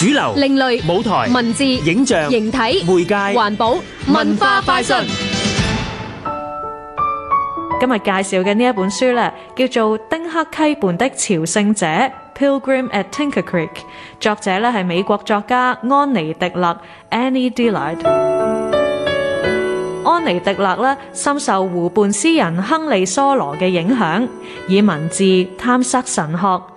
主流、另類舞台、文字、影像、形體、媒介、環保、文化快訊。今日介紹嘅呢一本書咧，叫做《丁克溪畔的朝聖者》（Pilgrim at Tinker Creek），作者咧係美國作家安妮迪勒 （Annie Dillard）。安妮迪勒咧深受湖畔詩人亨利梭羅嘅影響，以文字探索神學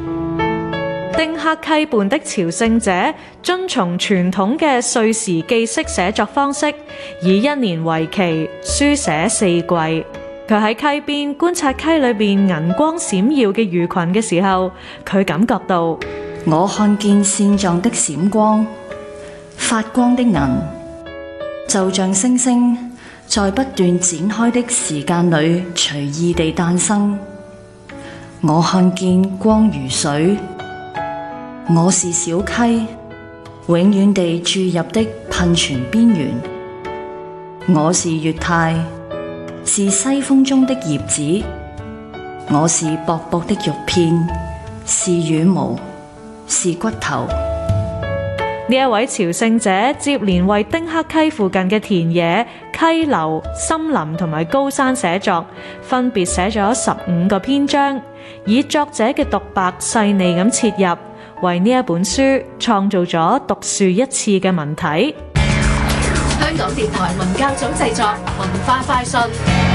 丁克溪畔的朝聖者遵從傳統嘅歲時記式寫作方式，以一年為期書寫四季。佢喺溪邊觀察溪裏邊銀光閃耀嘅魚群嘅時候，佢感覺到：「我看見線狀的閃光，發光的銀，就像星星在不斷展開的時間裏隨意地誕生」。我看見光如水。我是小溪，永遠地注入的噴泉邊緣。我是月太，是西風中的葉子。我是薄薄的肉片，是羽毛，是骨頭。呢位朝聖者接連為丁克溪附近嘅田野、溪流、森林同埋高山寫作，分別寫咗十五個篇章，以作者嘅獨白細膩咁切入。為呢一本書創造咗獨樹一幟嘅文體。香港電台文教組製作，文化快訊。